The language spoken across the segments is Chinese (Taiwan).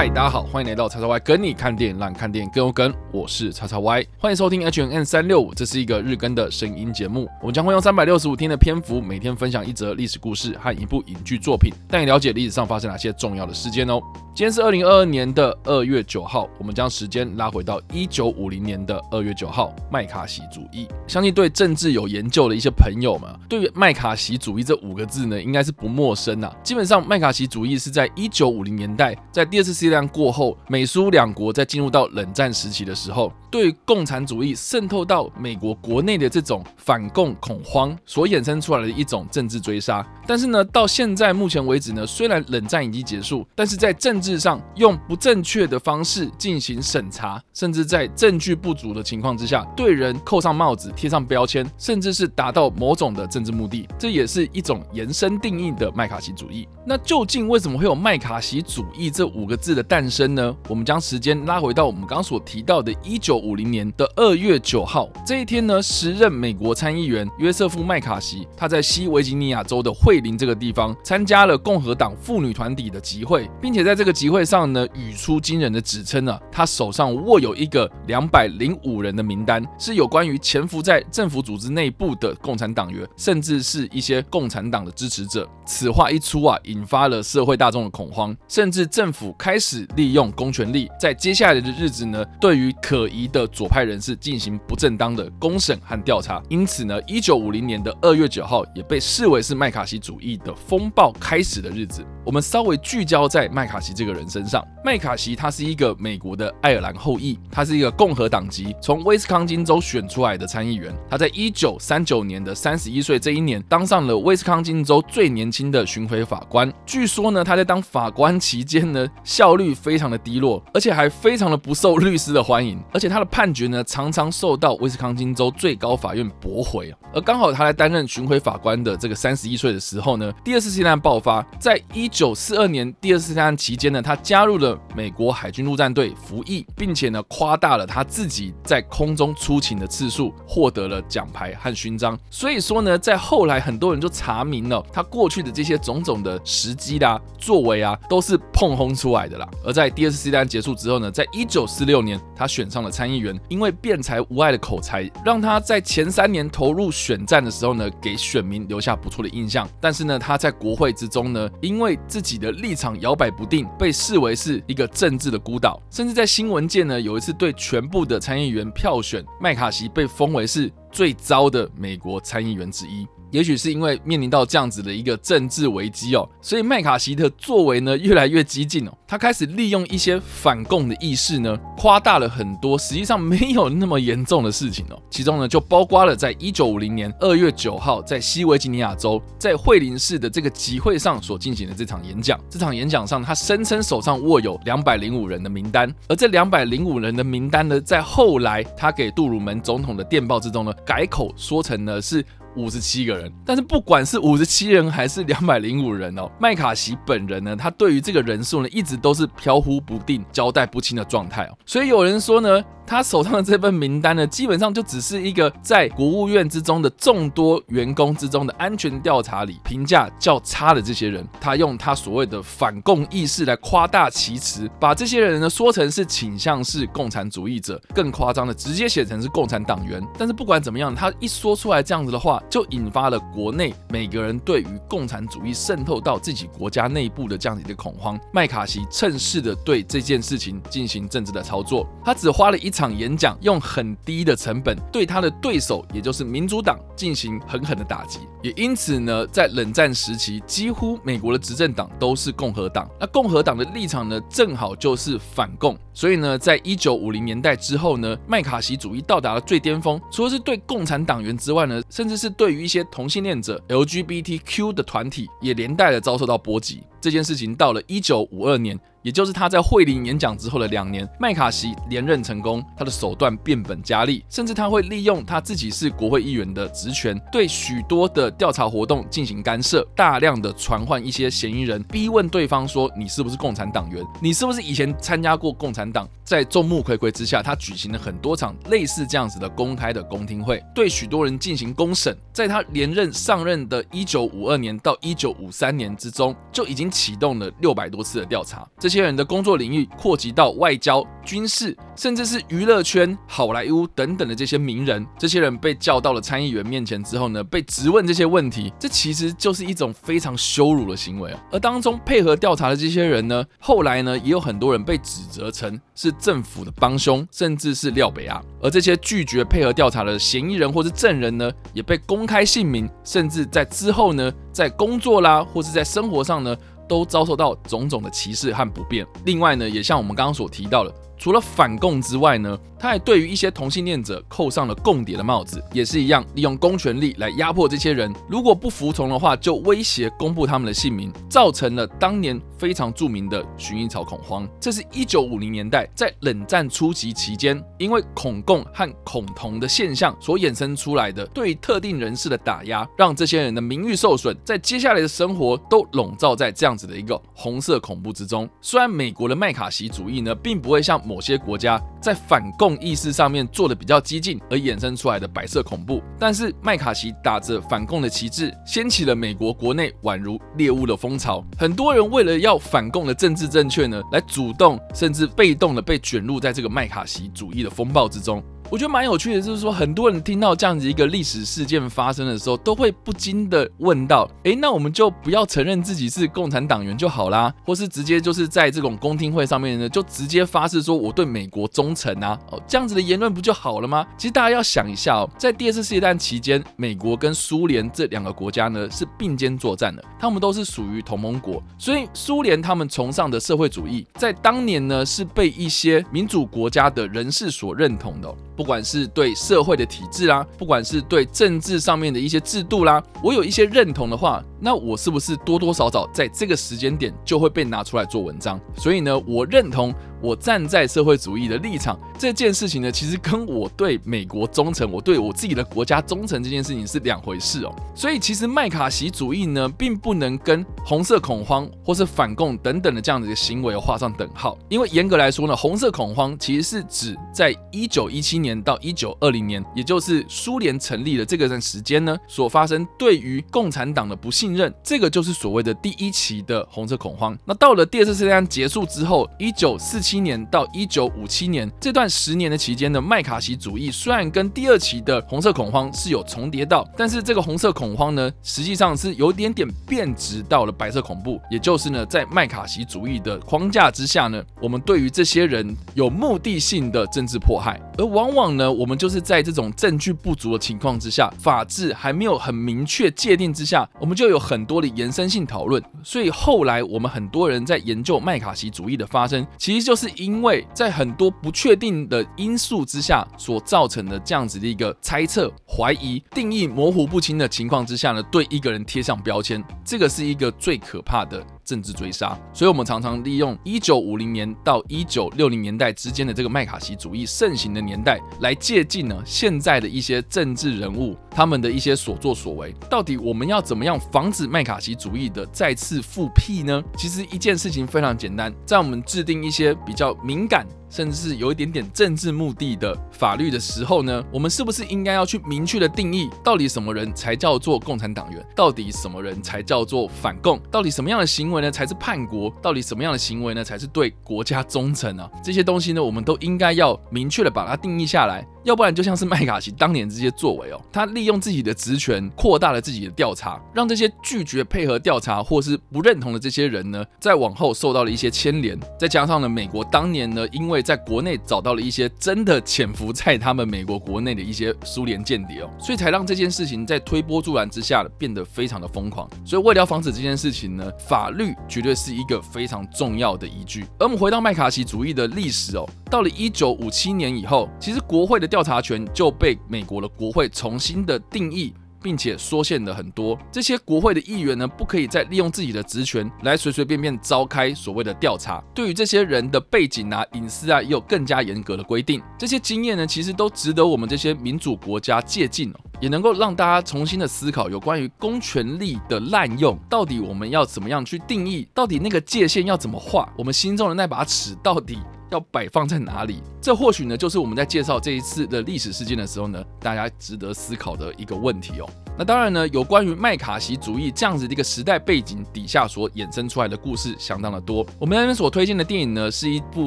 嗨，Hi, 大家好，歡迎來到叉叉 Y 跟你看電影，讓看電影更有梗。我是叉叉 Y，歡迎收聽 H&M 三六五，365, 這是一個日更的聲音節目。我們將會用三百六十五天的篇幅，每天分享一則歷史故事和一部影劇作品，帶你了解歷史上發生哪些重要的事件哦。今天是二零二二年的二月九號，我們將時間拉回到一九五零年的二月九號，麥卡錫主義。相信對政治有研究的一些朋友們，對於麥卡錫主義這五個字呢，應該是不陌生吶、啊。基本上，麥卡錫主義是在一九五零年代，在第二次世力量過後，美蘇兩國在進入到冷戰時期的時候，對共產主義滲透到美國國內的這種反共恐慌所衍生出來的一種政治追殺。但是呢，到現在目前為止呢，雖然冷戰已經結束，但是在政治上用不正確的方式進行審查，甚至在證據不足的情況之下對人扣上帽子、貼上標籤，甚至是達到某種的政治目的，這也是一種延伸定義的麥卡錫主義。那究竟為什麼會有麥卡錫主義這五個字的誕生呢？我們將時間拉回到我們剛所提到的1950年的2月9號這一天呢，時任美國參議員約瑟夫·麥卡錫，他在西維吉尼亞州的惠靈這個地方參加了共和黨婦女團體的集會，並且在這個集會上呢，語出驚人的指稱啊，他手上握有一個205人的名單，是有關於潛伏在政府組織內部的共產黨員，甚至是一些共產黨的支持者。此話一出啊，引發了社會大眾的恐慌，甚至政府開始利用公權力，在接下來的日子呢，對於可疑的左派人士進行不正當的公審和調查。因此呢，一九五零年的二月九號也被視為是麥卡錫主義的風暴開始的日子。我們稍微聚焦在麥卡錫這個人身上。麥卡錫他是一個美國的愛爾蘭後裔，他是一個共和黨籍，從威斯康辛州選出來的參議員。他在一九三九年的三十一歲這一年，當上了威斯康辛州最年輕的巡回法官。據說呢，他在當法官期間呢，效率非常的低落，而且還非常的不受律師的歡迎。而且他的判決呢，常常受到威斯康星州最高法院駁回。而剛好他在擔任巡迴法官的這個三十一歲的時候呢，第二次世界大戰爆發。在一九四二年第二次世界大戰期間呢，他加入了美國海軍陸戰隊服役，並且呢誇大了他自己在空中出勤的次數，獲得了獎牌和勳章。所以說呢，在後來很多人就查明了他過去的這些種種的。時機啦、啊、作為啊，都是碰轟出來的啦。而在第二次世界大戰結束之後呢，在一九四六年，他選上了參議員。因為辯才無礙的口才，讓他在前三年投入選戰的時候呢，給選民留下不錯的印象。但是呢，他在國會之中呢，因為自己的立場搖擺不定，被視為是一個政治的孤島。甚至在新聞界呢，有一次對全部的參議員票選，麥卡錫被封為是最糟的美國參議員之一。也許是因為面臨到這樣子的一個政治危機哦，所以麥卡錫的作為呢越來越激進哦，他開始利用一些反共的意識呢，誇大了很多實際上沒有那麼嚴重的事情哦、喔。其中呢就包括了在一九五零年二月九號在西維吉尼亞州，在惠靈市的這個集會上所進行的這場演講。這場演講上，他聲稱手上握有兩百零五人的名單，而這兩百零五人的名單呢，在後來他給杜魯門總統的電報之中呢，改口說成呢是。五十七個人，但是不管是五十七人還是兩百零五人哦，麥卡錫本人呢，他對於這個人數呢，一直都是飄忽不定、交代不清的狀態哦，所以有人說呢。他手上的這份名單呢，基本上就只是一個在國務院之中的眾多員工之中的安全調查裡評價較差的這些人。他用他所謂的反共意識來誇大其詞，把這些人呢說成是傾向是共產主義者，更誇張的直接寫成是共產黨員。但是不管怎麼樣，他一說出來這樣子的話，就引發了國內每個人對於共產主義滲透到自己國家內部的這樣子的一個恐慌。麥卡錫趁勢的對這件事情進行政治的操作，他只花了一。場演講用很低的成本對他的對手，也就是民主黨進行狠狠的打擊，也因此呢，在冷戰時期，幾乎美國的執政黨都是共和黨。那共和黨的立場呢，正好就是反共。所以呢，在一九五零年代之後呢，麥卡錫主義到達了最巔峰。除了是對共產黨員之外呢，甚至是對於一些同性戀者 （LGBTQ） 的團體，也連帶的遭受到波及。這件事情到了一九五二年。也就是他在惠靈演講之後的兩年，麥卡錫連任成功，他的手段變本加厲，甚至他會利用他自己是國會議員的職權，對許多的調查活動進行干涉，大量的傳喚一些嫌疑人，逼問對方說你是不是共產黨員，你是不是以前參加過共產黨？在眾目睽睽之下，他舉行了很多場類似這樣子的公開的公聽會，對許多人進行公審。在他連任上任的1952年到1953年之中，就已經啟動了六百多次的調查，這些。些人的工作領域擴及到外交、軍事，甚至是娛樂圈、好萊塢等等的這些名人。這些人被叫到了參議員面前之後呢，被質問這些問題，這其實就是一種非常羞辱的行為。而當中配合調查的這些人呢，後來呢，也有很多人被指責成是政府的幫兇，甚至是廖北亞。而這些拒絕配合調查的嫌疑人或者證人呢，也被公開姓名，甚至在之後呢，在工作啦，或是在生活上呢。都遭受到種種的歧視和不便。另外呢，也像我們剛剛所提到的。除了反共之外呢，他還對於一些同性戀者扣上了共諜的帽子，也是一樣利用公權力來壓迫這些人。如果不服從的話，就威脅公布他們的姓名，造成了當年非常著名的薰衣草恐慌。這是一九五零年代在冷戰初期期間，因為恐共和恐同的現象所衍生出來的對特定人士的打壓，讓這些人的名譽受損，在接下來的生活都籠罩在這樣子的一個紅色恐怖之中。雖然美國的麥卡錫主義呢，並不會像某些國家在反共意識上面做得比較激進，而衍生出來的白色恐怖。但是麥卡錫打着反共的旗幟，掀起了美國國內宛如獵巫的風潮。很多人為了要反共的政治正確呢，來主動甚至被動的被捲入在這個麥卡錫主義的風暴之中。我覺得蠻有趣的，就是說很多人聽到這樣子一個歷史事件發生的時候，都會不禁的問到：誒，那我們就不要承認自己是共產黨員就好啦，或是直接就是在這種公聽會上面呢，就直接發誓說我對美國忠誠啊，哦，這樣子的言論不就好了嗎？其實大家要想一下哦，在第二次世界大戰期間，美國跟蘇聯這兩個國家呢是並肩作戰的，他們都是屬於同盟國，所以蘇聯他們崇尚的社會主義，在當年呢是被一些民主國家的人士所認同的哦。不管是對社會的體制啦、啊，不管是對政治上面的一些制度啦、啊，我有一些認同的話。那我是不是多多少少在這個時間點就會被拿出來做文章？所以呢，我認同我站在社會主義的立場這件事情呢，其實跟我對美國忠誠、我對我自己的國家忠誠這件事情是兩回事哦。所以其實麥卡錫主義呢，並不能跟紅色恐慌或是反共等等的這樣的一個行為畫上等號，因為嚴格來說呢，紅色恐慌其實是指在一九一七年到一九二零年，也就是蘇聯成立的這個時間呢，所發生對於共產黨的不幸信任，這個就是所謂的第一期的紅色恐慌。那到了第二次世界大戰結束之後，一九四七年到一九五七年這段十年的期間呢，麥卡錫主義雖然跟第二期的紅色恐慌是有重疊到，但是這個紅色恐慌呢，實際上是有點點變質到了白色恐怖，也就是呢，在麥卡錫主義的框架之下呢，我們對於這些人有目的性的政治迫害，而往往呢，我們就是在這種證據不足的情況之下，法治還沒有很明確界定之下，我們就有。很多的延伸性討論，所以後來我們很多人在研究麥卡錫主義的發生，其實就是因為在很多不確定的因素之下所造成的這樣子的一個猜測、懷疑、定義模糊不清的情況之下呢，對一個人貼上標籤，這個是一個最可怕的。政治追殺，所以我們常常利用一九五零年到一九六零年代之間的這個麥卡錫主義盛行的年代，來借鏡呢現在的一些政治人物他們的一些所作所為，到底我們要怎麼樣防止麥卡錫主義的再次復辟呢？其實一件事情非常簡單，在我們制定一些比較敏感。甚至是有一點點政治目的的法律的時候呢，我們是不是應該要去明確的定義，到底什麼人才叫做共產黨員，到底什麼人才叫做反共，到底什麼樣的行為呢才是叛國，到底什麼樣的行為呢才是對國家忠誠啊？這些東西呢，我們都應該要明確的把它定義下來，要不然就像是麥卡錫當年這些作為哦、喔，他利用自己的職權擴大了自己的調查，讓這些拒絕配合調查或是不認同的這些人呢，再往後受到了一些牽連，再加上呢，美國當年呢因為在國內找到了一些真的潛伏在他們美國國內的一些蘇聯間諜哦，所以才讓這件事情在推波助瀾之下變得非常的瘋狂。所以為了防止這件事情呢，法律絕對是一個非常重要的依據。而我們回到麥卡錫主義的歷史哦、喔，到了一九五七年以後，其實國會的調查權就被美國的國會重新的定義。並且縮限了很多，這些國會的議員呢，不可以再利用自己的職權來隨隨便便召開所謂的調查。對於這些人的背景啊、隱私啊，也有更加嚴格的規定。這些經驗呢，其實都值得我們這些民主國家借鑑哦，也能夠讓大家重新的思考有關於公權力的濫用，到底我們要怎麼樣去定義，到底那個界限要怎麼畫，我們心中的那把尺到底，要擺放在哪裡？這或許呢，就是我們在介紹這一次的歷史事件的時候呢，大家值得思考的一個問題哦。那當然呢，有關於麥卡錫主義這樣子的一個時代背景底下所衍生出來的故事相當的多。我們那邊所推薦的電影呢，是一部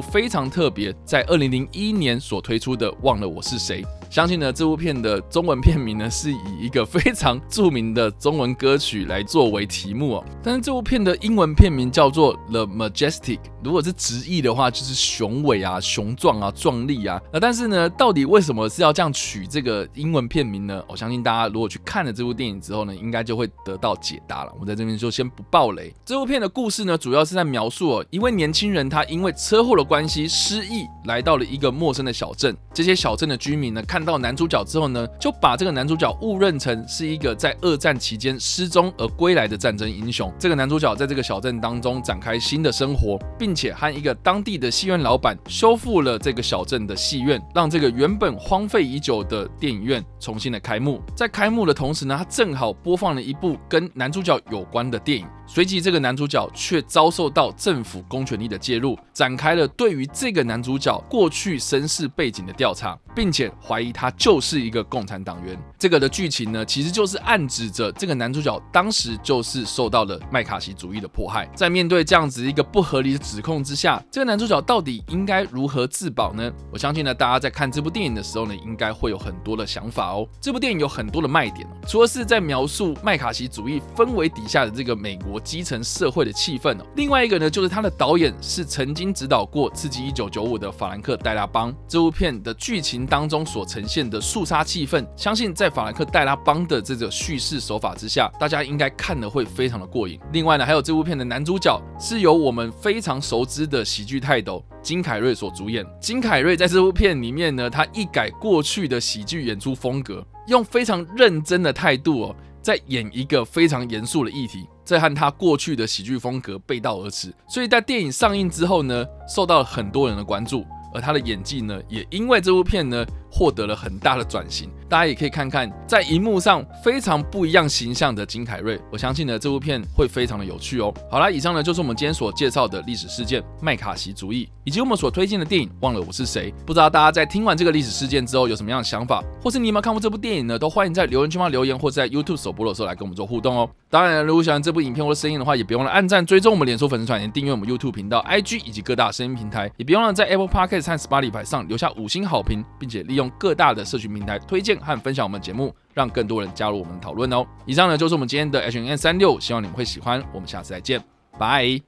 非常特別，在二零零一年所推出的《忘了我是誰》。相信呢，這部片的中文片名呢，是以一個非常著名的中文歌曲來作為題目哦。但是這部片的英文片名叫做《The Majestic》，如果是直譯的話，就是雄偉啊、雄壯啊、壯麗啊。那但是呢，到底為什麼是要這樣取這個英文片名呢？我，哦，相信大家如果去看了這部電影之後呢，應該就會得到解答了。我在這邊就先不爆雷。這部片的故事呢，主要是在描述哦，一位年輕人他因為車禍的關係失憶，來到了一個陌生的小鎮。這些小鎮的居民呢，看。到男主角之後呢，就把這個男主角誤認成是一個在二戰期間失蹤而歸來的戰爭英雄。這個男主角在這個小鎮當中展開新的生活，並且和一個當地的戲院老闆修復了這個小鎮的戲院，讓這個原本荒廢已久的電影院重新的開幕。在開幕的同時呢，他正好播放了一部跟男主角有關的電影。隨即，這個男主角卻遭受到政府公權力的介入，展開了對於這個男主角過去身世背景的調查。並且懷疑他就是一個共產黨員。這個的劇情呢，其實就是暗指着這個男主角當時就是受到了麥卡錫主義的迫害。在面對這樣子一個不合理的指控之下，這個男主角到底應該如何自保呢？我相信呢，大家在看這部電影的時候呢，應該會有很多的想法哦。這部電影有很多的賣點哦，除了是在描述麥卡錫主義氛圍底下的這個美國基層社會的氣氛哦，另外一個呢，就是他的導演是曾經指導過《刺激一九九五》的法蘭克·戴拉邦。這部片的劇情。當中所呈現的肅殺氣氛，相信在法蘭克·戴拉邦的這個敘事手法之下，大家應該看了會非常的過癮。另外呢，還有這部片的男主角是由我們非常熟知的喜劇泰斗金凱瑞所主演。金凱瑞在這部片裡面呢，他一改過去的喜劇演出風格，用非常認真的態度哦，在演一個非常嚴肅的議題，這和他過去的喜劇風格背道而馳。所以在電影上映之後呢，受到了很多人的關注。而他的演技呢，也因為這部片呢，獲得了很大的轉型，大家也可以看看在熒幕上非常不一樣形象的金凱瑞。我相信呢，這部片會非常的有趣哦。好啦，以上呢就是我們今天所介紹的歷史事件麥卡錫主義，以及我們所推薦的電影《忘了我是誰》。不知道大家在聽完這個歷史事件之後有什麼樣的想法，或是你有沒有看過這部電影呢？都歡迎在留言區方留言，或是在 YouTube 首播的時候來跟我們做互動哦。當然，如果喜歡這部影片或聲音的話，也別忘了按讚、追蹤我們臉書粉絲團、訂閱我們 YouTube 頻道、IG 以及各大聲音平台，也別忘了在 Apple Podcast 和 Spotify 上留下五星好評，並且利用。用各大的社群平台推薦和分享我們節目，讓更多人加入我們的討論哦。以上呢就是我們今天的 H&M 365，希望你們會喜歡。我們下次再見，拜。